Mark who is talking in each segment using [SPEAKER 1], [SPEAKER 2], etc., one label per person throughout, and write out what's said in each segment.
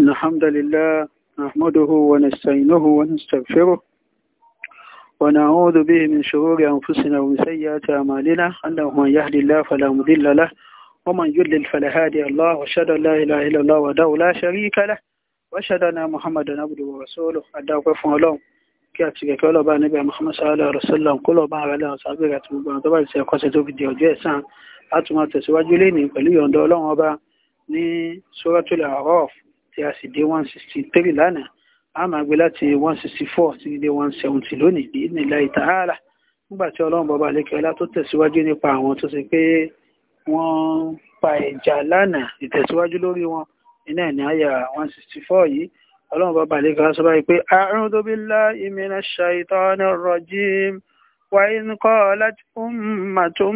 [SPEAKER 1] الحمد لله نحمده ونستعينه ونستغفره ونعوذ به من شرور أنفسنا ومن سيئات أعمالنا أنه من يهدي الله فلا مضل له ومن يضلل فلا هادي الله وأشهد أن لا إله إلا الله وحده لا شريك له وأشهد أن محمدا عبده ورسوله أدعوكم فهم لهم kí a ti kẹ̀kẹ́ ọlọ́ba níbi Muhammad sallallahu alaihi wasallam kó lọ́ba ara lẹ́wọ̀n sábẹ́ àti gbogbo àwọn tó bá ti ẹ̀kọ́sẹ̀ tó fi di ọjọ́ ẹ̀san láti máa Suratul A'raf tí a sì dé one sixty three lánàá a máa gbé láti one sixty four títí dé one seventy lónìí bí ní láì tààlà nígbà tí ọlọ́run bọba àlékẹ́lá tó tẹ̀síwájú nípa àwọn tó ṣe pé wọ́n pa ìjà lánàá ìtẹ̀síwájú lórí wọn iná ẹ̀ ní àyà one sixty four yìí ọlọ́run bọba àlékẹ́lá sọ báyìí pé a'udhu billahi minash shaitanir rajim. وإذ قالت أمة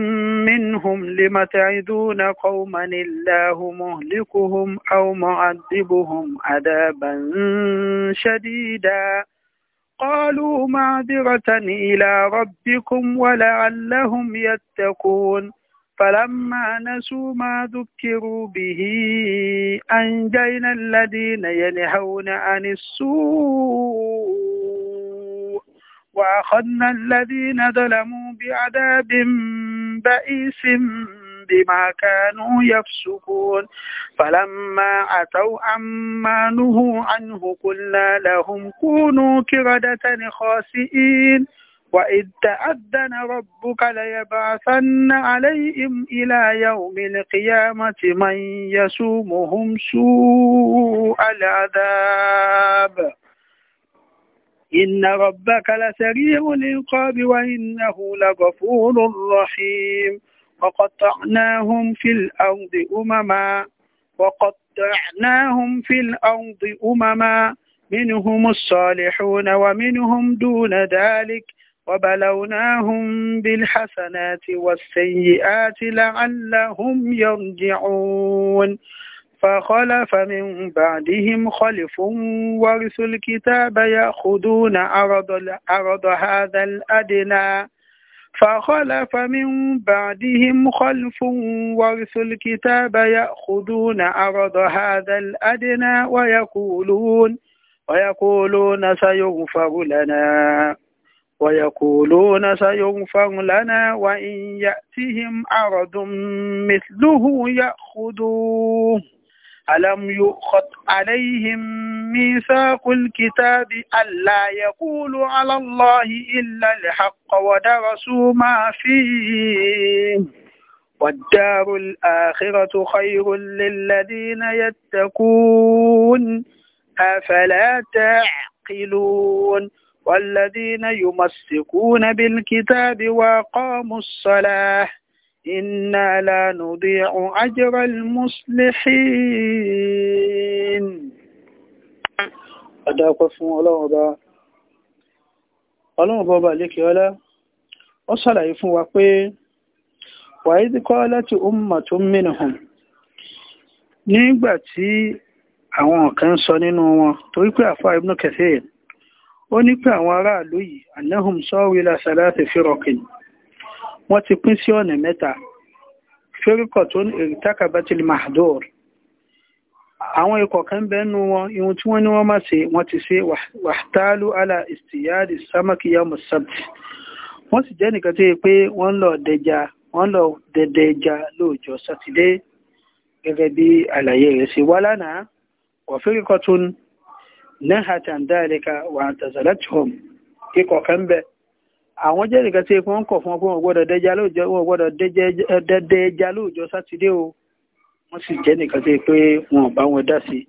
[SPEAKER 1] منهم لم تعدون قوما الله مهلكهم أو معذبهم عذابا شديدا قالوا معذرة إلى ربكم ولعلهم يتقون فلما نسوا ما ذكروا به أنجينا الذين ينهون عن السوء وأخذنا الذين ظلموا بعذاب بئيس بما كانوا يفسقون فلما أتوا عما نهوا عنه قلنا لهم كونوا كردة خاسئين وإذ تأذن ربك ليبعثن عليهم إلى يوم القيامة من يسومهم سوء العذاب إن ربك لسريع العقاب وإنه لغفور رحيم وقطعناهم في الأرض أمما وقطعناهم في الأرض أمما منهم الصالحون ومنهم دون ذلك وبلوناهم بالحسنات والسيئات لعلهم يرجعون فخلف من بعدهم خلف ورثوا الكتاب يأخذون عرض, أرض هذا الأدنى فخلف من بعدهم خلف ورثوا الكتاب يأخذون عرض هذا الأدنى ويقولون ويقولون سيغفر لنا ويقولون سيغفر لنا وإن يأتهم عرض مثله يأخذوه ألم يؤخذ عليهم ميثاق الكتاب ألا يقولوا على الله إلا الحق ودرسوا ما فيه والدار الآخرة خير للذين يتقون أفلا تعقلون والذين يمسكون بالكتاب وقاموا الصلاة إنا لا نضيع أجر المصلحين أداك فون الله أبا الله أبا لك ولا وصلى يفون وقوي وإذ قالت أمة منهم nígbà tí àwọn kan sọ nínú wọn torí pé àfáà Ibn Kathir ó ní pé àwọn aráàlú yìí annahum sawila salati firaqin wọ́n ti pín sí ọ̀nà mẹ́ta fẹ́ríkọ̀ tó ní èrìtàkàbátìlì mahador àwọn ikọ̀ kan bẹ́ẹ̀ nu wọn ihun tí wọ́n ní wọ́n máa ṣe wọ́n ti ṣe wàhtálù ala istiyadi samakiya musabti wọ́n sì jẹ́ nìkan tó yẹ pé wọ́n lọ dẹja wọ́n lọ dẹdẹ ẹja lóòjọ́ sátidé gẹ́gẹ́ bí àlàyé rẹ̀ ṣe wá lánàá wọ̀fẹ́ríkọ̀ tó ní nahatan dhalika wà tazalatuhum ikọ̀ kan bẹ́ẹ̀ àwọn jẹ́ nìkan tí epo ń kọ̀ fún ọ pé wọn gbọ́dọ̀ dẹja lóòjọ́ wọn gbọ́dọ̀ dẹdẹ ẹja lóòjọ́ sátidé o wọ́n sì jẹ́ nìkan tí pé wọn ò bá wọn dá sí i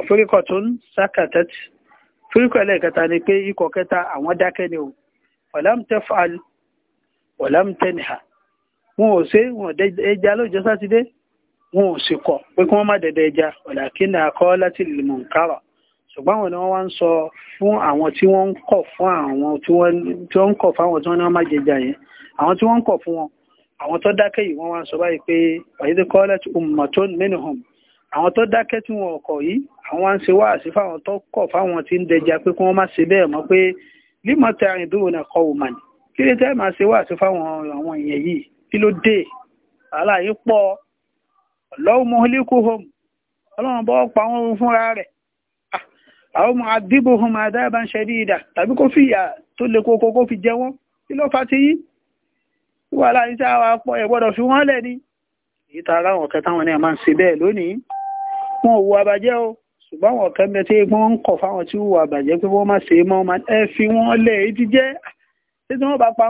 [SPEAKER 1] ọ̀fíríkọ̀ tó ń sákàtẹ́t fíríkọ̀ ẹlẹ́ẹ̀kẹta ni pé ikọ̀ kẹta àwọn dákẹ́ ni o ọ̀làmùtẹ́ fàl ọ̀làmùtẹ́ nìhà wọn ò ṣe wọn ẹja lóòjọ́ sátidé wọn ò sì kọ̀ pé kí wọ́n má dẹdẹ ẹja ọ̀làkínà kọ́ láti lè mọ̀ nkárọ̀ ṣùgbọ́n àwọn ni wọ́n wá ń sọ fún àwọn tí wọ́n ń kọ̀ fún àwọn tí wọ́n ń kọ̀ fún àwọn tí wọ́n ní wọ́n má jẹjà yẹn àwọn tí wọ́n ń kọ̀ fún wọn àwọn tó dákẹ́ yìí wọ́n wá ń sọ báyìí pé wàyídé kọ́lẹ̀ ummatun minhum àwọn tó dákẹ́ tí wọn ọkọ̀ yìí àwọn wá ń ṣe wáàsí fáwọn tó kọ̀ fáwọn tí ń dẹja pé kí wọ́n má ṣe bẹ́ẹ̀ mọ́ pé lima ta'iduna qawman ọlọ́run bọ́ pa wọ́n fúnra rẹ̀ àwọn ọmọ àdìbò ọmọ àdáyàbá ń ṣẹ̀dí ìdà tàbí kó fi ìyà tó le kókó kó fi jẹ wọ́n kí ló fa ti yí wà láyé tí àwọn apọ̀ ẹ̀ gbọ́dọ̀ fi wọ́n lẹ̀ ni èyí tá ara wọn kẹta wọn ni a máa ń ṣe bẹ́ẹ̀ lónìí wọn ò wo àbàjẹ́ o ṣùgbọ́n wọn kẹ́ mẹ́ tí wọ́n ń kọ̀ fáwọn tí wọ́n àbàjẹ́ pé wọ́n má ṣe mọ́ ẹ fi wọ́n lẹ̀ èyí ti jẹ́ tí wọ́n bá pa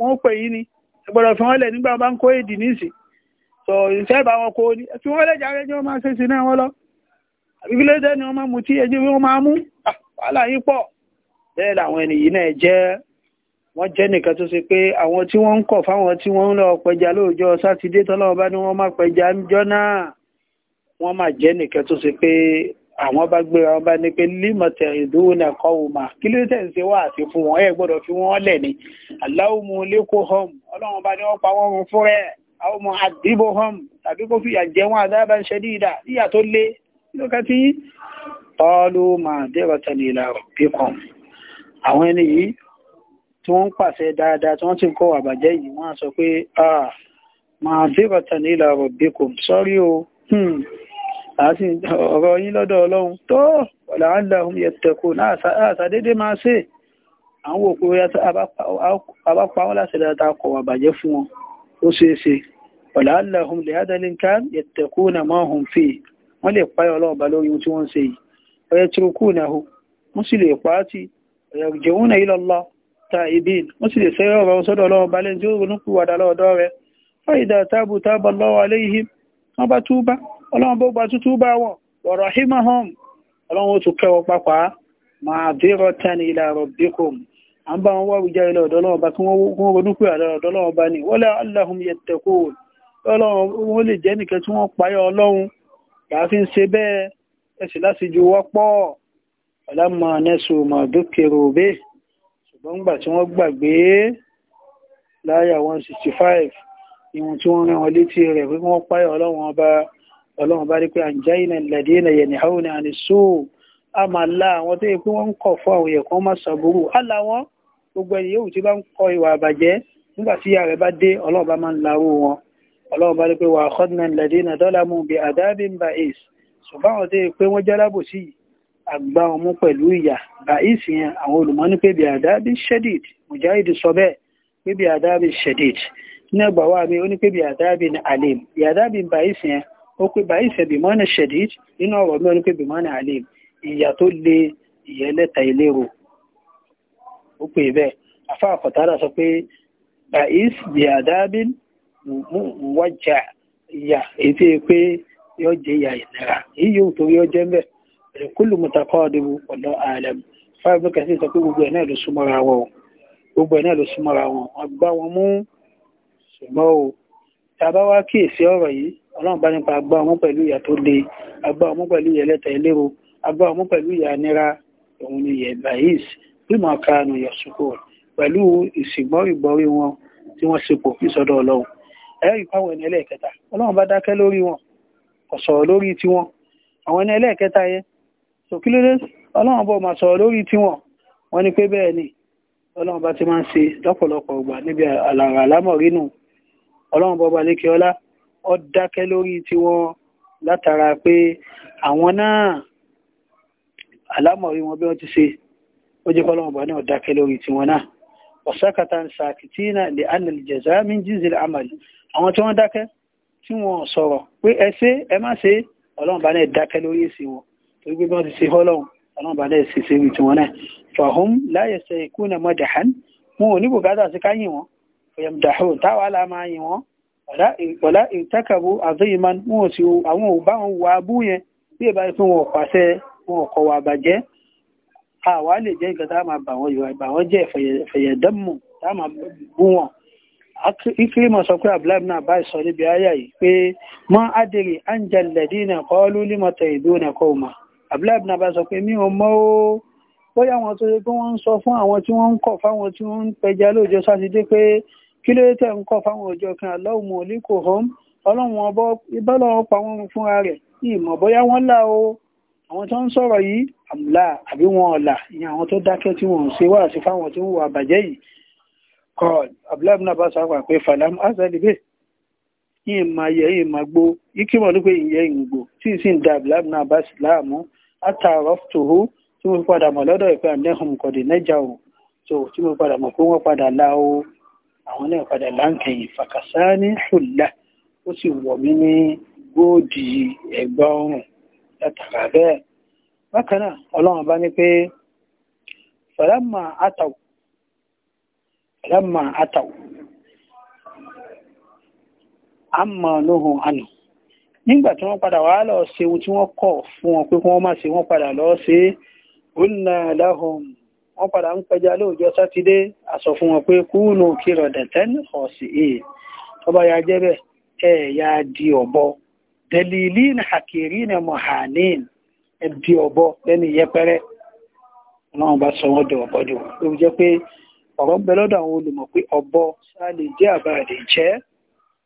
[SPEAKER 1] wọn pè yí ni ẹ gbọ́dọ̀ fi wọ́n lẹ̀ nígbà wọn bá ń kó èdì níìsì sọ ìṣẹ́ ìbá wọn kó ní ẹ fi wọ́n lẹ̀ jáde tí wọ́n máa ṣe sí náà wọ́n lọ àbíbílẹ́dẹ́ ni wọ́n máa mú tí ẹjẹ́ wọ́n máa mú wàhálà yín pọ̀ bẹ́ẹ̀ làwọn ènìyàn náà jẹ́ wọ́n jẹ́ nìkan tó ṣe pé àwọn tí wọ́n ń kọ̀ fáwọn tí wọ́n ń lọ pẹja lóòjọ́ sátidé tọ́lọ́wọ́ bá ní wọ́n máa pẹja níjọ́ náà wọ́n máa jẹ́ nìkan tó ṣe pé àwọn bá gbéra wọn bá ní pé límọ̀tẹ̀ ìdúró náà kọ́ wò mà kí ló tẹ̀ ń ṣe wá àti fún wọn ẹ̀ gbọ́dọ̀ fi wọ́n lẹ̀ ni aláwòmù lẹ́kọ̀ọ́ hom ọlọ́run bá ní wọ́n pa wọ́n fún rẹ̀ àwọn àdìbò hom tàbí kó fìyà jẹ wọn dídà níyà tó lé lókàtí ọlú máa dẹ́rọ̀tẹ̀ ní ìlà pípọ̀n àwọn ẹni yìí tí wọ́n ń pàṣẹ dáadáa tí wọ́n ti kọ́ àbàjẹ́ yìí wọ́n sọ pé ah máa dẹ́rọ̀tẹ̀ ní ìlà pípọ̀n sọ́rí o àti hmm. ọ̀rọ̀ yín lọ́dọ̀ ọlọ́run tó làálàhùn yẹtẹ̀kù náà àṣàdédé máa ṣe àwọn òkú abápa wọn láti dáadáa kọ̀ àbàjẹ́ fún wọn ó ṣeéṣe ọ̀làálàhùn lè yẹtẹ̀kù náà máa hùn fèé wọ́n lè páyọ̀ ọlọ́ọ̀bá lórí ohun tí wọ́n ń ṣe yìí ọ̀yẹ́ turukú nàhó wọ́n sì lè pa á tì ọ̀yẹ́ jẹun náà ilọ̀ lọ ta ibi wọ́n sì lè sẹ́yọ́ ọ̀rọ̀ sọ́dọ̀ ọlọ́ọ̀bá tí ó ronú kú wàdà lọ́ọ̀dọ́ rẹ̀ ọlọ́run lè jẹ́ nìkan tí wọ́n láàfin ṣe bẹ́ẹ̀ ẹ̀sì láti ju wọ́pọ̀ ọ̀làmọ̀ nẹ́sù mọ̀dúkèrò bẹ́ ṣùgbọ́n gbà tí wọ́n gbàgbé láyà 165 ìwọ̀n tí wọ́n rán wọn létí rẹ̀ pé wọ́n páyà ọlọ́run ọba ọlọ́run bá rí pé àjáyìn lẹ́dínà yẹ̀ nìhàún ní àníṣó a máa lá àwọn tó yẹ pé wọ́n ń kọ̀ fún àwọn èèyàn kan má ṣàbúrú àlà gbogbo ẹni yóò bá ń kọ ìwà àbàjẹ́ nígbà tí ìyá rẹ̀ bá dé ọlọ́run bá máa ń larú wọn ọlọ́run bá ní pé wà kọ́dínà lẹ́dínà dọ́là mú bí àdábì ń bá èsì ṣùgbọ́n àwọn tó yẹ pé wọ́n jálábò sí àgbà ọmú pẹ̀lú ìyà bá èsì yẹn àwọn olùmọ́ ní pé bí àdábì shedid mujahid sọ bẹ́ẹ̀ pé bí àdábì shedid ní ẹgbà wa mi ó ní pé bí àdábì alim bí àdábì bá èsì yẹn ó pé bá èsì bímọ́ ní shedid nínú ọ̀rọ̀ wọ́jà ìyà ètò pé yóò jẹ ìyà ìnira èyí yóò torí ó jẹ́ mbẹ́ ẹ̀kúlù mùtàkọ́ ọ̀dẹ́wò ọ̀dọ́ àlẹ́m fáwọn kẹsì sọ pé gbogbo ẹ̀ náà ló súnmọ́ra wọn gbogbo ẹ̀ náà ló súnmọ́ra wọn wọ́n gbá wọn mú ṣùgbọ́n o tàbá wá kíyèsí ọ̀rọ̀ yìí ọlọ́run bá nípa agbá ọmú pẹ̀lú ìyà tó le agbá ọmú pẹ̀lú ìyà ẹlẹ́tẹ̀ eléro agbá ọmú pẹ̀lú ìyà nira òun ni ìyà ìbáyìís bí mọ̀ ká nu ìyà sùkúrò pẹ̀lú ìsìgbọ́n ìgbọ́rí wọn tí wọ́n ṣe pò fi sọ́dọ̀ ọlọ́run ẹ̀rí fáwọn ẹni ẹlẹ́ẹ̀kẹta ọlọ́run bá dákẹ́ lórí wọn kò sọ̀rọ̀ lórí tiwọn àwọn ẹni ẹlẹ́ẹ̀kẹta yẹn sòkílódé ọlọ́run bọ̀ mà sọ̀rọ̀ lórí tiwọn wọ́n ní pé bẹ́ẹ̀ ni ọlọ́run bá ti máa ń ṣe lọ́pọ̀lọpọ̀ ìgbà níbi àlàrà lámọ̀rínù ọlọ́run bọ̀ bá lékè ọlá ó dákẹ́ lórí tiwọn látara pé àwọn náà àlámọ̀rí wọn bí wọ́n ti ṣe ó jẹ́ kọ́lọ́run bọ̀ náà dákẹ́ lórí tiwọn náà ọ̀sákàtà sàkìtìnà lè anàlìjẹ̀zá min jíǹsì àmàlì àwọn tí wọ́n dákẹ́ tí wọ́n sọ̀rọ̀ pé ẹ ṣe ẹ má ṣe ọlọ́run bá náà dákẹ́ lórí èsì wọn torí pé wọ́n ti ṣe ọlọ́run ọlọ́run bá náà ṣe ṣeré tiwọn náà fàhùn láyé ṣe ikú náà mọ́ dàhán wọn ò ní bùkátà sí ká yìn wọn ọ̀yàm dàhùn táwa la máa yìn wọn ọ̀lá ìtàkàbù àzọyìnmá wọn ò sì àwọn ò bá wọn wà abú yẹn bí ẹ bá yẹ fún wọn pàṣẹ wọn ò kọ wà bàjẹ́ àwa lè jẹ́ nǹkan tá a máa bà wọ́n yọ àìbà wọ́n jẹ́ fẹ̀yẹ̀dẹ́mù tá a máa bú wọn ikirima sọ pé abdullahi náà bá sọ níbi ayá yìí pé mọ́ adèrè anjalẹ̀dí náà kọ́ lólímọ̀tẹ̀ ìdó náà kọ́ ma abdullahi náà bá sọ pé mi ò mọ̀ ó bóyá wọn tó yẹ pé wọ́n ń sọ fún àwọn tí wọ́n ń kọ̀ fáwọn tí wọ́n ń pẹja lóòjọ́ sátidé pé kí ló tẹ̀ ń kọ̀ fáwọn òjò kan aláwùmọ̀ oníkò hóm ọlọ́run ọbọ̀ ìbọ́lọ́wọ́ pa wọ́n fúnra rẹ̀ ìmọ̀ bóyá wọ́n là ó àwọn tó ń sọ̀rọ̀ yìí àmúlà àbí wọn ọ̀là ní àwọn tó dákẹ́ tí wọ́n ṣe wà sí fáwọn tí wọ́n wà bàjẹ́ yìí kọ́ abdullahi náà bá sáwà pé falam azalibe yìí ma yẹ yìí ma gbó ikimọ̀ ló pé ìyẹ́ ìgbò tí sì ń da abdullahi náà bá sì láàmú àtàrọ̀ tòhó tí mo padà mọ̀ lọ́dọ̀ ìpẹ́ àmìlẹ́hùn kọ̀dé nẹ́jà o tó tí mo padà àwọn náà padà láǹkẹ̀yìn fàkàsáà ní ṣùlá ó sì wọ̀ mí ní góòdì ẹ̀gbọ́n ọ̀rùn látara bẹ́ẹ̀ bákan náà ọlọ́run bá ní pé fẹ̀lẹ́mà àtàw fẹ̀lẹ́mà àtàw àmà lóhùn àná nígbà tí wọ́n padà wá lọ ṣe ohun tí wọ́n kọ̀ fún wọn pé kí wọ́n má ṣe wọ́n padà lọ ṣe ònà láhùn wọ́n padà ń pẹja lóòjọ́ sátidé a fún wọn pé kúùnù kírọ̀dẹ̀tẹ́n ọ̀sìn èè tó bá ya jẹ́ bẹ́ẹ̀ ya di ọ̀bọ dalilin hakirin muhanin ẹbí ọ̀bọ lẹ́ni yẹpẹrẹ náà bá sọ wọ́n dẹ̀ ọ̀bọ dẹ̀ ló jẹ́ pé ọ̀rọ̀ ń bẹ lọ́dọ̀ àwọn olùmọ̀ pé ọ̀bọ sáà lè jẹ́ àbá àdè jẹ́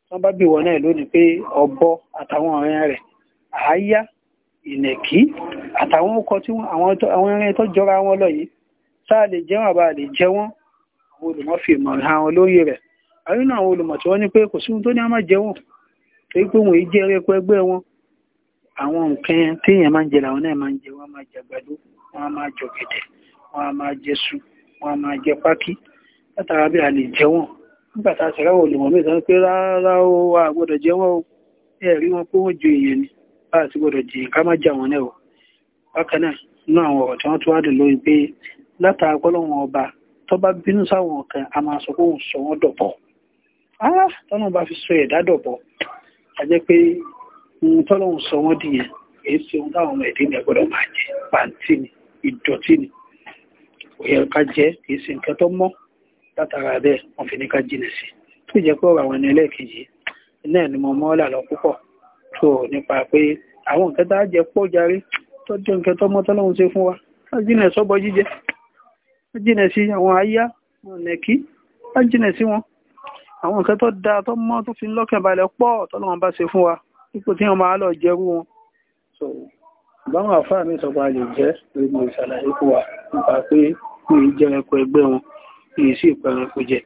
[SPEAKER 1] wọ́n bá bí wọn náà lónìí pé ọ̀bọ àtàwọn ọ̀rẹ́ rẹ̀ àáyá ìnẹ̀kí àtàwọn ọkọ̀ tí àwọn ẹ̀rẹ́ tó jọra wọn lọ yìí sáà lè jẹ́ wọn àbá àdè wọn àwọn olùmọ̀ fi ìmọ̀ràn àwọn lórí rẹ̀ àwọn olùmọ̀ tí wọ́n ní pé kò sí ohun tó ní a máa jẹ́ wọn torí pé wọn jẹ́ eré wọn àwọn nǹkan téèyàn máa ń jẹ làwọn náà máa ń jẹ wọn máa jẹ àgbàdo wọn máa jọ ọ̀gẹ̀dẹ̀ wọn máa jẹ su wọn máa jẹ pákí látara bí a lè jẹ wọn nígbà tá a pé rárá o a gbọdọ jẹ wọn o ẹ rí wọn pé ju èèyàn ni bá a jẹ ká wọn náà o bákan náà àwọn tí tún wá ọba tó bá bínú sáwọn a máa sọ pé sọ wọn a jẹ́ pé ohun tọ́lọ́hun sọ wọ́n dìyẹn èyí sí ohun táwọn ọmọ ẹ̀dínlẹ̀ gbọ́dọ̀ máa jẹ pàǹtí ni ìdọ̀tí ni kò yẹ ká jẹ kì í ṣe nǹkan tó mọ́ látara bẹ́ẹ̀ wọ́n fi ní ká jìnà sí tó jẹ́ pé ọ̀rọ̀ àwọn ẹni ẹlẹ́ẹ̀kejì náà ni mo mọ́ọ́là lọ púpọ̀ tó nípa pé àwọn nǹkan tá a jẹ pọ̀ jarí tọ́jú nǹkan tó mọ́ tọ́lọ́hun ṣe fún wa ká jìnà sọ́bọ jíjẹ ká jìnà sí àwọn àyà ọ̀nà kí ká jìnà sí wọn àwọn nǹkan tó dáa tó mọ́ tó fi lọ́kàn balẹ̀ pọ̀ tọ́lọ́wọ́n bá ṣe fún wa ipò tí wọ́n máa lọ jẹ́rú wọn. so báwọn àfáà mi sọpọ̀ àlè jẹ́ lórí ìṣàlàyé fún wa nípa pé kí n jẹ́ ẹ̀kọ́ ẹgbẹ́ wọn kí n sì pẹ̀rẹ̀ kó jẹ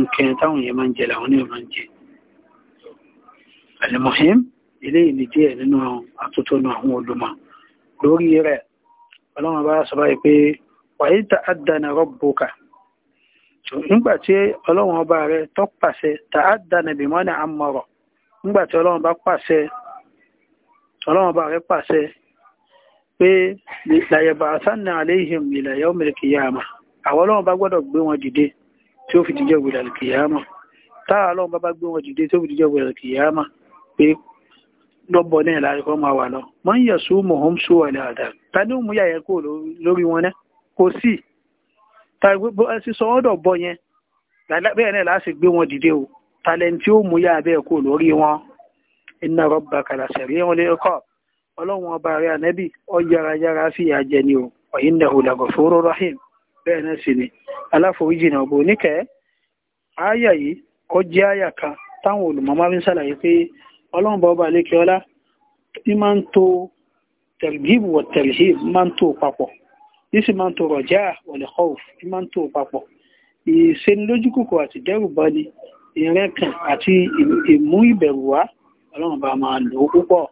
[SPEAKER 1] nǹkan táwọn yẹn máa ń jẹ làwọn náà máa ń jẹ. àlùmọ̀hìm eléyìí ni díẹ̀ nínú àtúntònú àwọn olùmọ̀ lórí rẹ̀ ọlọ́run bá sọ báyìí pé wàyí ta àdánà rọ́bùkà Ngba tí ọlọ́run ọba rẹ̀ tó pàṣẹ tààdà nàbì mọ́nà àmọ̀rọ̀ nígbà tí ọlọ́run bá pàṣẹ ọlọ́run ọba rẹ pàṣẹ pé làyẹ̀bà sánà àléhìm ìlàyẹ̀ òmìnirikìyàmà àwọn ọlọ́run bá gbọ́dọ̀ gbé wọn dìde tí ó fi ìwìlàlìkìyàmà táà ọlọ́run bá gbé wọn dìde tí ó fi dìjọ́ ìwìlàlìkìyàmà pé lọ́bọ̀ náà láàrin máa sísọ wọn dọ̀ bọ yẹn bẹ́ẹ̀ náà láti gbé wọn dìde o talenti ó mú yá abẹ́ kó lórí wọn inna rabbaka la sari'ul iqab ọlọ́run ọba rẹ̀ ànẹ́bì ọ yára yára fi àjẹ ni o wa innahu la ghafurur rahim bẹ́ẹ̀ náà sì ni aláforíjì náà bò níkẹ́ àyà yìí kọ jẹ́ àyà kan táwọn olùmọ̀ máa ń ṣàlàyé pé ọlọ́run bọ́ọ̀bà lékè ní máa ń to tẹ̀lgíìbù wọ̀ tẹ̀lgíìbù máa ń tó papọ̀ yíṣì máa ń tó rọ̀já wọ̀lẹ̀ kọ́ọ̀f ní máa ń tó papọ̀ ìsenilójúkòkò àti dẹ́rùbani ìrẹ́kàn àti ìmú ìbẹ̀rù wá ọlọ́run bá máa lò ó púpọ̀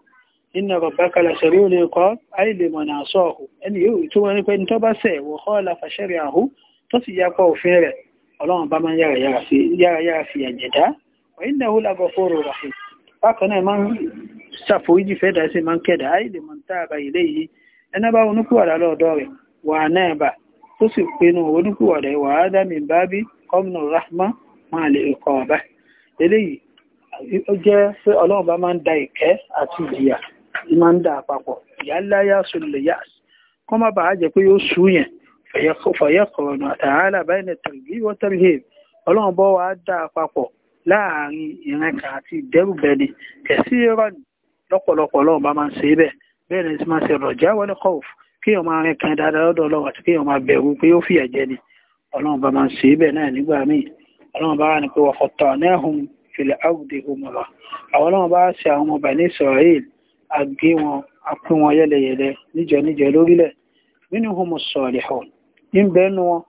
[SPEAKER 1] nínú ọ̀rọ̀ bákalẹ̀ sẹ̀rí olè kọ́ àìlè mọ̀nà àṣọ́ọ̀hù ẹni yóò tó wọn pé ní tó bá sẹ̀ wọ̀ kọ́ la fàṣẹ́rì àhú tó sì yapa òfin rẹ̀ ọlọ́run bá máa yára yára fi àjẹ̀dá ọ̀yìn náà ó lábọ̀ fóró ràfin bákan náà máa ń ṣàforíjì fẹ́dà sí máa ń kẹ̀dà àìlè mọ̀ntà àbáyé léyìí ẹnà bá ronú kúrò lọ́dọ̀ rẹ̀ wà náà bà tó sì pinnu oníkùwàdà ìwà ádámì bá bí kọ́mùnà rahma ma lè kọ́ ọ̀bá eléyìí ó jẹ́ pé ọlọ́run bá da ìkẹ́ àti ìjìyà tí máa ń da àpapọ̀ ìyá yá sólè yá kọ́ má bàá jẹ́ pé yóò sú yẹn kọ̀ọ̀nà àtàhálà báyìí ọlọ́run bọ́ da àpapọ̀ láàrin ìrìnkà àti kẹ̀sí ìrọ̀nì lọ́pọ̀lọpọ̀ ọlọ́run bá máa ń bẹ́ẹ̀ bẹ́ẹ̀ ni ti máa kí ọmọ arìn kan dáadáa lọ́dọ̀ ọlọ́run àti kí ọmọ abẹ̀rù pé ó fìyà jẹ ni ọlọ́run bá máa ń ṣe é bẹ́ẹ̀ náà nígbà míì ọlọ́run bá wà ní pé wọ́n fọ̀tọ̀ náà hùn fìlẹ̀ áwùdè òmùrọ̀ àwọn ọlọ́run bá ṣe àwọn ọba ní Israel àgbé wọn apín wọn yẹlẹyẹlẹ níjọ níjọ lórílẹ̀ nínú hùn sọ̀rẹ̀ hàn níbẹ̀ nu wọn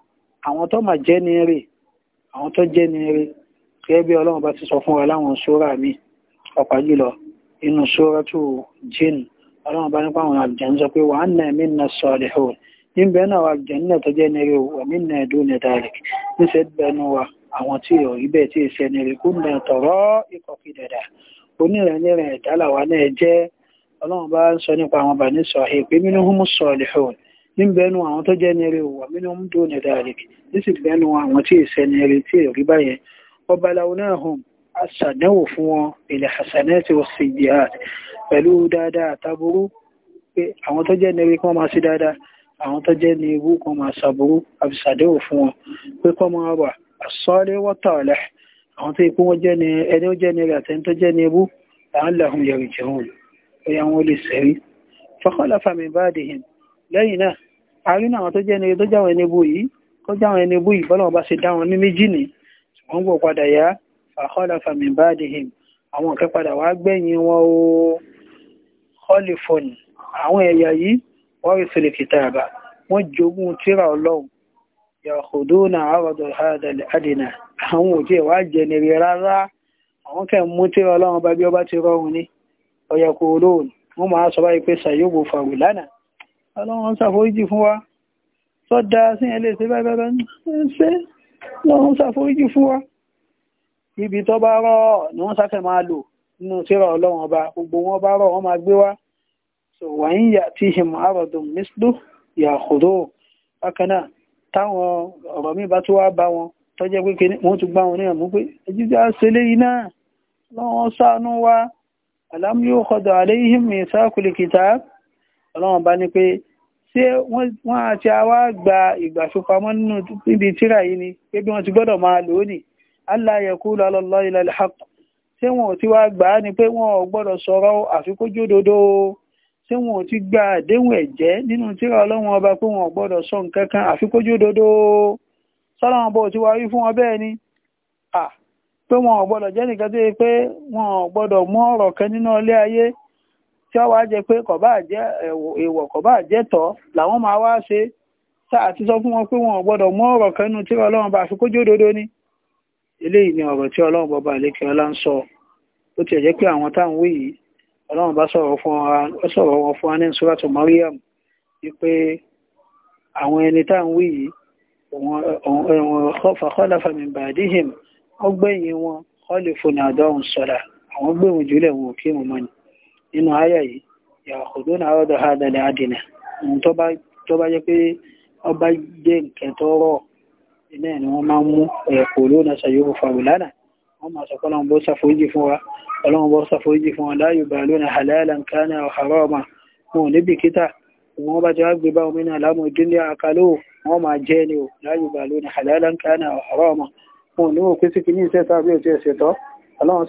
[SPEAKER 1] àwọn tó mà jẹ́ ní rè àwọn tó jẹ́ ní rè gẹ́gẹ́ bí ọlọ́run bá ti sọ fún wa láwọn sóra mi ọ̀pá jùlọ inú sóràtù jinn ọlọ́run bá nípa àwọn àjẹ́ ń sọ pé wà á nà mí nà sọ̀rọ̀ ìhòòrùn níbẹ̀ náà wà jẹ́ nínú ẹ̀tọ́jẹ́ nẹ́rẹ́ wà mí nà ẹ̀dùn ní dalek níṣẹ́ bẹnu wa àwọn tí ò rí bẹ́ẹ̀ tí ìṣẹ́ nẹ́rẹ́ kó nà tọ̀rọ̀ ikọ̀ kí dẹ̀dà onírẹ̀nírẹ̀ ìdálà wa náà jẹ́ ọlọ́run bá ń sọ nípa àwọn bàní sọ èpè mínú húmú sọ̀rọ̀ ìhòòrùn níbẹ̀ nu àwọn tó jẹ́ nẹ́rẹ́ wà mínú húmú dùn ní dalek níṣẹ́ bẹnu aṣàdánwò fún wọn ilẹ̀ hasanẹ́tì ọ̀sẹ̀ jihad pẹ̀lú dáadáa àtàbúrú pé àwọn tó jẹ́ níbi kan máa sí dáadáa àwọn tó jẹ́ ní ibú kan máa sàbúrú àbìsàdánwò fún wọn pé kọ́ máa wà àsọ́ọ́lẹ́ wọ́tọ̀ọ̀lẹ́ àwọn tó ikú wọn jẹ́ ní ẹni ó jẹ́ àtẹni tó jẹ́ ní ibú yẹ̀rì jẹun pé àwọn olè sẹ́rí fọ́kànlá fàmì báàdì hìn lẹ́yìn náà àárín àwọn tó jẹ́ ní tó jáwọn ẹni ibú yìí tó jáwọn ẹni ibú yìí bọ́lá bá ṣe dá ní méjì ní ṣùgbọ́n gbọ́ padà yá فخلف من بعدهم àwọn kan padà wá gbẹ̀yìn wọn o khalifun àwọn ẹ̀yà yìí warithul kitaba wọ́n jogún tírà ọlọ́run yakhuduna arada hadal adina àwọn òjì ẹ̀wà jẹnẹrẹ rárá àwọn kẹ́ mú tírà ọlọ́run bá bí ọba ti rọrùn ní ọyàkùnrin wọ́n máa sọ báyìí pé sàyóògùn fàwì lánàá ọlọ́run ṣàforíjì fún wa sọ́dá sí ẹlẹ́sẹ̀ báyìí báyìí ṣe lọ́run ṣàforíjì fún wa ibi tó bá rọ̀ ni wọ́n sáfẹ́ máa lò nínú tírà ọlọ́run ọba gbogbo wọn bá rọ̀ wọ́n máa gbé wá wàyí yà tí him arọ̀dùn mislu yà kòdó bákanà táwọn ọ̀rọ̀ mi bá tó wá bá wọn tó jẹ́ pé wọ́n tún gbá wọn ní àmú pé ẹjíjá sílé iná lọ́wọ́ ṣàánú wá alam yukhadu alayhim mithaqul kitab ọlọ́wọ́n bá ní pé ṣé wọ́n àti àwa gba ìgbàfipamọ́ nínú níbi tíra yìí ni pé bí wọ́n ti gbọ́dọ̀ máa lò ó nìí Allah yaqulu ala Allah illa al-haq tí wọn ò ti wá gbà á ni pé wọn ò gbọ́dọ̀ sọ̀rọ̀ àfikójódodo tí wọn ò ti gba àdéhùn ẹ̀jẹ́ nínú tíra ọlọ́run ọba pé wọn ò gbọ́dọ̀ sọ nǹkan kan àfikójódodo sọ́lọ́run bó ti wá rí fún wọn bẹ́ẹ̀ ni pé wọn ò gbọ́dọ̀ jẹ́ nìkan tó yẹ pé wọn ò gbọ́dọ̀ mú ọ̀rọ̀ kan nínú ilé ayé tí wọ́n wá jẹ pé kò bá jẹ́ èèwọ̀ kò bá làwọn máa wá ṣe tá àti sọ fún wọn pé wọn ò gbọ́dọ̀ mú ọ̀rọ̀ kan nínú tíra ọlọ́run ọba àfikójódodo ni eléyìí ni ọ̀rọ̀ tí ọlọ́run bọba àlékè ọlá ń sọ ó tiẹ̀ jẹ́ pé àwọn táwọn wí yìí ọlọ́run bá sọ̀rọ̀ fún wọn fún wa ní suratu Maryam wípé àwọn ẹni táwọn wí yìí fa khalafa min ba'dihim wọ́n gbẹ̀yìn wọn khalfun ada'u s-salah àwọn gbẹ̀wọ̀n jùlẹ̀ wọn kí wọn mọ́ni nínú àyà yìí ya'khuduna arada hadha al-adna tó bá jẹ́ pé ọba jẹ́ nǹkan tó rọ̀ iná ni wọ́n máa ń mú ẹ̀kọ́ lónà ṣàyẹ̀wò fàwùlánà wọ́n máa sọ̀kọ́ lọ́wọ́ bó ṣàforíjì fún wa ọlọ́wọ́ bó ṣàforíjì fún wa láàyò bá lónà halálà ń kánà ọ̀hárọ̀ ọmọ wọn ò ní bìkítà wọ́n bá ti wá gbé bá omi náà lámù ìdílé àkàlò wọ́n máa jẹ́ ni ò láàyò bá lónà halálà ń kánà ọ̀hárọ̀ ọmọ wọn ò ni sẹ́yìn sàníwọ́n sí ọlọ́wọ́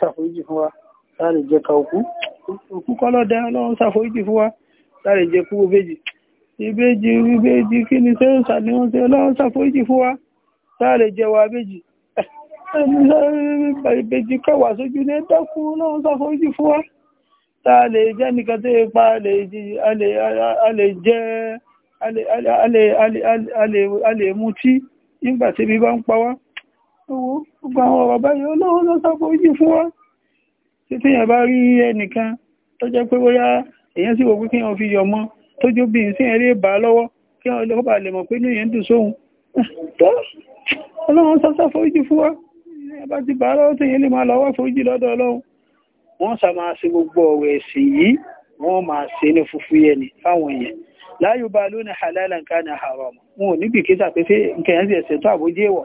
[SPEAKER 1] fún wa náà lè jẹ wa méjì kẹwàá sójú ní ẹ̀dẹ́kùn náà sáfójì fún wa táà jẹ́ nìkan tó yẹ pa a mú tí nígbà tí bí bá ń pa wá owó ọ̀rọ̀ báyìí olóhun ló fún wa ọlọ́run sọ́sọ́ foríjì fún wa ẹbá ti bá lọ́wọ́ tó yẹn lè máa lọ́wọ́ foríjì lọ́dọ̀ ọlọ́run wọ́n sà máa ṣe gbogbo ọ̀rọ̀ ẹ̀sìn yìí wọ́n máa ṣe ní fufu yẹn ni fáwọn èèyàn láyò bá lónìí halal nǹkan ní haram wọn ò ní bìkítà pé ṣé nǹkan yẹn sì ẹ̀sẹ̀ tó àbójú èèwọ̀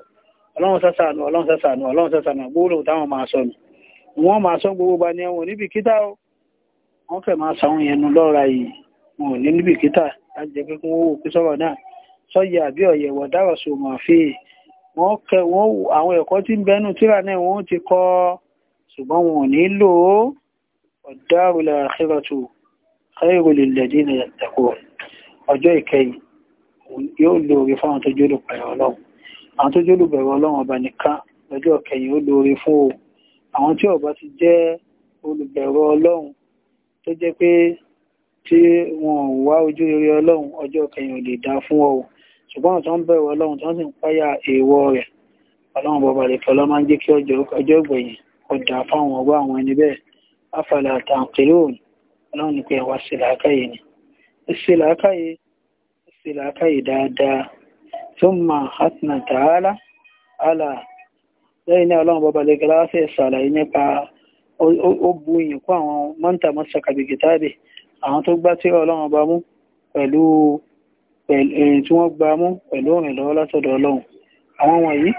[SPEAKER 1] ọlọ́run sàṣàánú ọlọ́run sàṣàánú ọlọ́run sàṣàánú gbogbo táwọn máa sọ nù wọ́n máa sọ gbogbo bá ní ẹ̀wọ̀n ò ní bìkítà o wọ́n fẹ́ máa sàwọn yẹn nu lọ́ra yìí wọn ò ní kí wọ́n wò pé àbí ọ̀yẹ̀wọ̀ dárọ̀ sọ̀rọ̀ àfihàn wọ́n kẹ wọ́n àwọn ẹ̀kọ́ tí ń bẹnu tíra náà wọ́n ti kọ́ ṣùgbọ́n wọn ò nílò ad-darul akhiratu khayrul lilladhina yattaqun ọjọ́ ìkẹyìn yóò lóore fáwọn tó jólù pẹ̀rọ ọlọ́run àwọn tó jólù pẹ̀rọ ọlọ́run ọba nìkan lọ́jọ́ kẹyìn ó lóore fún o ṣùgbọ́n tó ń bẹ̀rù ọlọ́run tó ń sì ń páyà èèwọ̀ rẹ̀ ọlọ́run bọba àlefẹ́ ọlọ́ máa ń jẹ́ kí ọjọ́ ìgbẹ̀yìn ọjà fáwọn ọgbọ́ àwọn ẹni bẹ́ẹ̀ afàlà àtàǹkìlóòn ọlọ́run ní pé ẹwà sí làákàyè ni ṣe làákàyè ṣe làákàyè dáadáa tó mà hàtìnà tààlà àlà lẹ́yìn náà ọlọ́run bọba àlefẹ́ ọlọ́run fẹ́ nípa ó bu ìyìnkú àwọn mọ́ntàmọ́sàkàbìgìtàbì àwọn tó gbá tí ọlọ́run bá mú pẹ̀lú Eh, tí wọ́n gbá mú pẹ̀lú ìrànlọ́wọ́ látọ̀dọ̀ ọlọ́run àwọn wọ̀nyí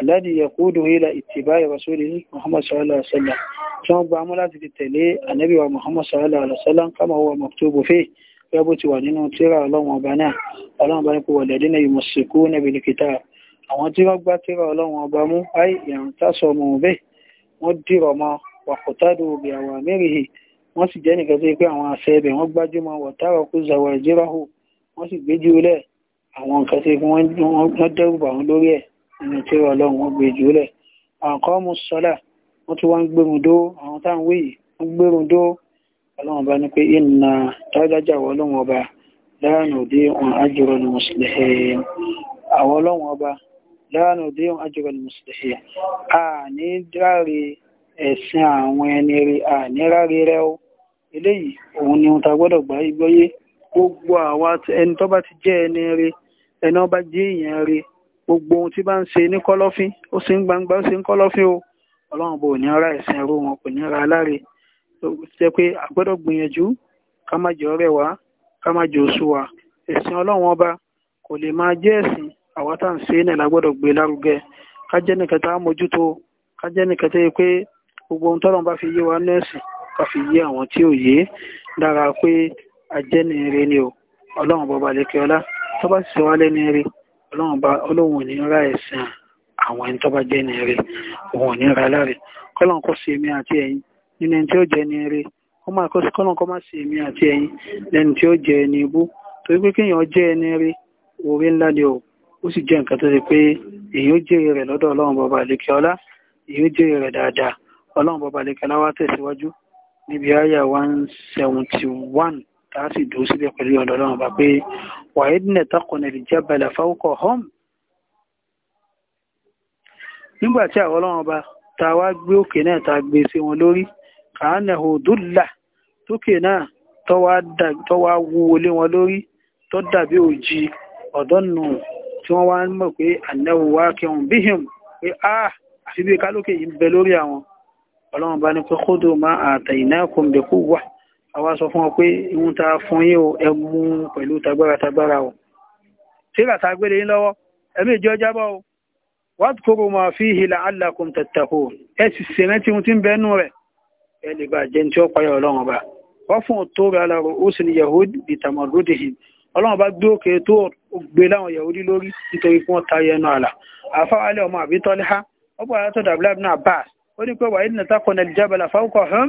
[SPEAKER 1] aládì yakudu ila ittiba rasuli muhammad sallallahu alaihi wasallam tí wọ́n gbá mú láti fi tẹ̀lé ànábì wa muhammad sallallahu alaihi wasallam kama huwa maktubu fi gẹ́gẹ́ bó ti wà nínú tírà ọlọ́run ọba náà ọlọ́run ọba ní kò wọlé dínà yumsikuna bil kitab àwọn tí wọ́n gbá tírà ọlọ́run ọba mú áì ìrìn tásọ mọ̀ bẹ́ẹ̀ wọ́n dìrọ̀ mọ́ wàkùtádù bí àwọn amẹ́rìhì wọ́n sì jẹ́ nìkan tó pé àwọn àṣẹ ẹbẹ̀ wọ́n gbájúmọ́ wọ̀tárọ̀ kú zàwọ̀ wọ́n sì gbé jùlẹ̀ àwọn nǹkan tí wọ́n dẹ́rùbà wọn lórí ẹ̀ nínú tí ọlọ́run wọ́n gbé jùlẹ̀ àwọn kan mú sọ́lá wọ́n tún wá ń gbérun dó àwọn táwọn wéyìí wọ́n gbérun dó ọlọ́run ọba ní pé ìnà dájájà wọ ọlọ́run ọba láàánú dé wọn ajúrò ní mùsùlùmí àwọn ọlọ́run ọba láàánú dé wọn ajúrò ní mùsùlùmí a ní dáre ẹ̀sìn àwọn ẹni rí a ní ráre rẹ o eléyìí òun ni ohun ta gbọ́dọ̀ gbá igbóyé gbogbo àwa ẹni tó bá ti jẹ́ ẹni rí ẹni ọba jẹ́ èèyàn rí gbogbo ohun tí bá ń ṣe ní kọ́lọ́fín ó sì ń gbangba ó sì ń kọ́lọ́fín o ọlọ́run bò ní ara ẹ̀sìn ẹ̀rọ wọn kò ní ara aláre jẹ́ pé a gbọ́dọ̀ gbìyànjú ká má jẹ́ ọ̀rẹ́ wa ká má jẹ́ oṣù wa ẹ̀sìn ọlọ́run ọba kò lè máa jẹ́ ẹ̀sìn àwa tá à ń ṣe náà la gbọ́dọ̀ gbé lárugẹ ká jẹ́ nìkan tá a mójútó ká jẹ́ nìkan tó yẹ pé gbogbo ohun tọ́lọ́run bá fi yé wa ní ẹ̀sìn ká fi yé àwọn tí ò yé dára pé ajẹ́nire ni o ọlọ́run bọba lẹ́kẹ́ọ́lá tó bá sì wá lẹ́ni ọlọ́run bá ní ra ẹ̀sìn ni rí òun ní ra láre kọ́lọ́n kó sí èmi àti ẹ̀yin nínú ẹni tí ó jẹ́ ni rí kọ́lọ́n kó má sí èmi àti ẹ̀yin lẹ́ni tí ó jẹ́ ni ibú ni o ó sì jẹ́ nǹkan tó ṣe pé èyí ó jèrè rẹ̀ lọ́dọ̀ ọlọ́run lẹ́kẹ́ọ́lá èyí ó rẹ̀ dáadáa ọlọ́run lẹ́kẹ́ọ́lá wá tẹ̀síwájú one seventy one. tààsì dúró síbẹ̀ pẹ̀lú ọ̀dọ̀ ọlọ́run bá pé wàhídìnà takùnà ìjábàlà fáwọkọ̀ hom nígbà tí àwọn ọlọ́run bá ta wá gbé òkè náà ta gbé sí wọn lórí kàánà hòdúlà tókè náà tó wá wúwo lé wọn lórí tó dàbí òjì ọ̀dọ́ tí wọ́n wá ń mọ̀ pé ànáwó wá kẹun bíhìm pé a ah, àfi bí kálókè yìí ń bẹ lórí àwọn ọlọ́run bá ní pé kódò máa àtàyìnákùn bẹ̀kú wà àwa sọ fún ọ pé ìwọ̀n ta fún yín o ẹ mú pẹ̀lú tagbára tagbára o síra ta gbére yín lọ́wọ́ ẹ̀mí ìjọ jábọ̀ o wadhkuru ma fihi la'allakum tattaqun ẹ sì sì rántí ohun tí ń bẹnu rẹ̀ ẹ lè bá jẹun tí ó payọ ọlọ́run ọba wọ́n fún òtó rẹ̀ alárò ó sì ní yahud bitamarudihim ọlọ́run bá gbé òkè tó gbé láwọn yahudi lórí nítorí fún ọta yẹnu àlà àfáwálẹ̀ ọmọ àbítọ́lẹ́há ọgbà látọ̀dọ̀ abdullahi ibn abbas ó ní pé wàhíd nàtàkùn nàìjíríà bala fáwọkọ̀ hàn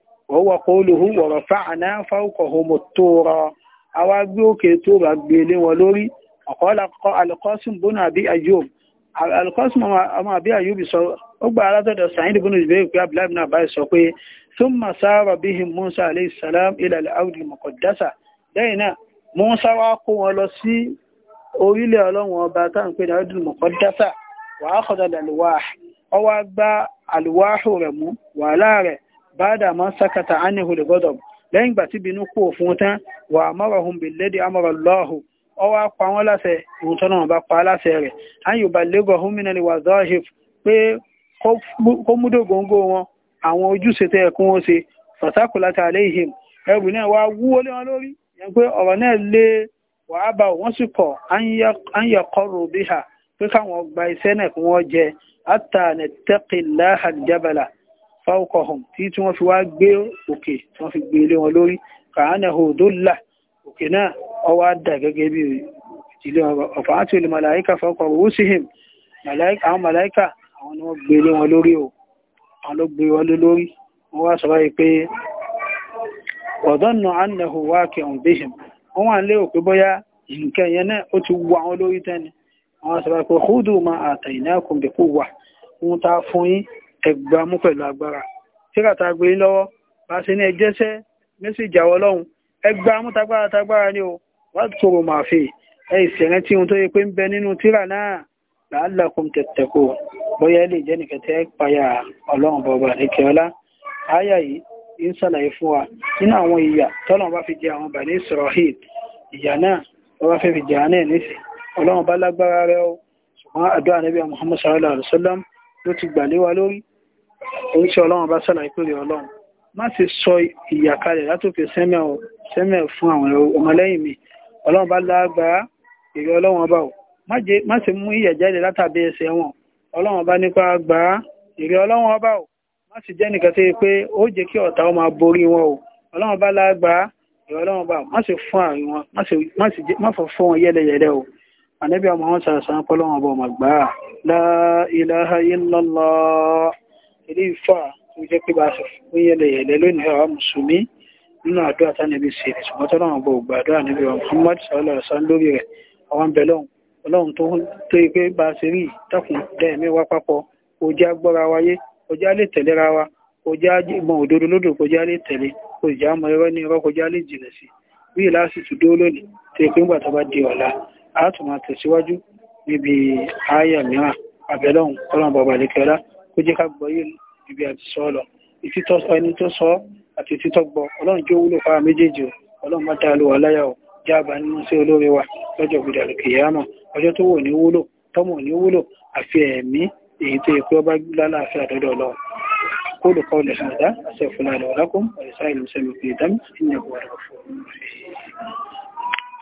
[SPEAKER 1] wọ́wọ́ kóòlùhù wọ̀rọ̀ fáànà fáwọ́kọ̀hùnmù tóòrọ̀ awá gbé òkè tó bá gbé lé wọn lórí ọ̀kọ́lọ́kọ́ alkọ́sùn bónú àbí ayub alkọ́sùn ọmọ àbí ayub sọ ó gba alátọ̀dọ̀ sàyìn bónú ìbéèrè pé abdullahi bin abbas sọ pé tún mà sáárọ̀ bí i musa alayhi salam ilẹ̀ audi mọ̀kọ̀dásà lẹ́yìn náà musa wá kó wọn lọ sí orílẹ̀ ọlọ́run ọba táwọn pé ní audi mọ̀kọ̀dásà wàá kọ̀dọ̀ bada ma sakata anihu li godob lẹ́yìn gbà tí bínú kú òfin tán wà amarahum billadi amarallahu ọwọ́ apá wọn láṣẹ ìhun tọ́nà wọn bá pa láṣẹ rẹ̀ ayò bá lẹ́gọ̀ homina ni wazahif pé kó múdò góńgó wọn àwọn ojúṣe tẹ́ ẹ̀kún wọn ṣe fàtàkù láti aléhìm ẹrù náà wá wúwo lé wọn lórí yẹn pé ọ̀rọ̀ náà lé wàá bá wọn sì kọ̀ anyakọ̀rò bíhà pé káwọn gba iṣẹ́ náà kí wọ́n jẹ àtànẹ̀tẹ́kìlá àdìjábàlà fáwọkọ̀hùn tí tí wọ́n fi wá gbé òkè tí wọ́n fi gbé ilé wọn lórí kàánà hòdólà òkè náà ọwá dà gẹ́gẹ́ bí ìdílé ọ̀fà àti olè màláíkà fọ́kọ̀ rúsìhìm àwọn màláíkà àwọn ni wọ́n gbé ilé wọn lórí o àwọn ló gbé wọn lórí wọ́n wá sọ pé ọ̀dọ́nà annahu wá kẹrùn bíhìm wọ́n wà lérò pé bóyá nǹkan náà ó ti wọ àwọn lórí tẹ́ni wọ́n sọ pé húdù ma àtàìnákùn bí wà ń ta fún yín ẹgbàmú pẹ̀lú agbára síkà tá a gbé lọ́wọ́ bá a ṣe ní ẹjẹ́sẹ́ mẹ́sìgì àwọn ọlọ́run ẹgbàmú tagbára tagbára ni o wá kúrò máa fi ẹ ìṣẹ̀rẹ́ tí ohun tó yẹ pé ń bẹ nínú tírà náà làálàkùn tẹ̀tẹ̀kù bóyá ẹ lè jẹ́ nìkẹ́tẹ́ payà ọlọ́run bọ̀bà nìkẹ́ ọlá àyà yìí ń ṣàlàyé fún wa nínú àwọn ìyà tọ́lọ́run bá fi jẹ àwọn Bani Israel ìyà náà wọ́n bá fẹ́ fi jẹ àánẹ́ nísì ọlọ́run bá lágbára rẹ o ṣùgbọ́n àdúrà Ànábì Muhammad sallallahu alaihi wasallam ló ti gbà lé lórí oríṣẹ́ ọlọ́run bá sọ̀rọ̀ ìpèrè ọlọ́run má ṣe sọ ìyàkalẹ̀ látòkè sẹ́mẹ̀ fún àwọn ọmọlẹ́yìn mi ọlọ́run bá lágbára èrè ọlọ́run ọba ò má ṣe mú ìyà jáde látàbí ẹsẹ̀ wọn ọlọ́run bá nípa agbára èrè ọlọ́run ọba ò má sì jẹ́ nìkan tó yẹ pé ó jẹ́ kí ọ̀tá ó máa borí wọn o ọlọ́run bá lágbára èrè ọlọ́run ọba ò má ṣe fún àárín wọn má fọ fún wọn yẹ́lẹyẹ̀lẹ o ànábì àwọn ọmọ wọn sàràsàrà pọ́ la ilaha illallah eléyìí fà tó jẹ́ pé bá a sọ fún yẹlẹyẹlẹ lónìí àwọn mùsùlùmí nínú àdúrà tánibí sí rẹ̀ ṣùgbọ́n tó náà gbọ́ gbàdúrà níbi ọ̀hún Muhammad sallallahu alaihi wasallam lórí rẹ̀ àwọn bẹ̀lọ́hùn ọlọ́run tó tó yí pé bá a ṣe rí ìtàkùn dẹ́ẹ̀mí wá papọ̀ òjá gbọ́ra wáyé òjá lè tẹ̀léra wa kọjá ìmọ̀ òdodo lódò kọjá lè tẹ̀lé kọjá mọ ẹrọ ní ẹrọ kọjá lè jìnà sí bí láti tùdó lónìí tí ìpín gbà tó bá di ọ̀la a tún máa tẹ̀síwájú níbi ààyè mìíràn àbẹ̀lọ́hùn kọ́lọ́n bàbá lẹ́kẹ́lá kó jẹ́ ká gbọ́ yé ibi àti sọ lọ ìtítọ́ sọ ẹni tó sọ àti ìtítọ́ gbọ́ ọlọ́run jó wúlò fáwọn méjèèjì o ọlọ́run má dáa ló wà láyà o jáàbá nínú sí olóore wa lọ́jọ́ gbọdọ̀ kìyàmọ̀ ọjọ́ tó wò ní wúlò tọ́mọ̀ ní wúlò àfi ẹ̀mí èyí tó yẹ pé ọba lálàáfíà dọ́dọ̀ lọ قول قولي هذا أستغفر الله لي ولكم ولسائر المسلمين في دم إنه هو الغفور الرحيم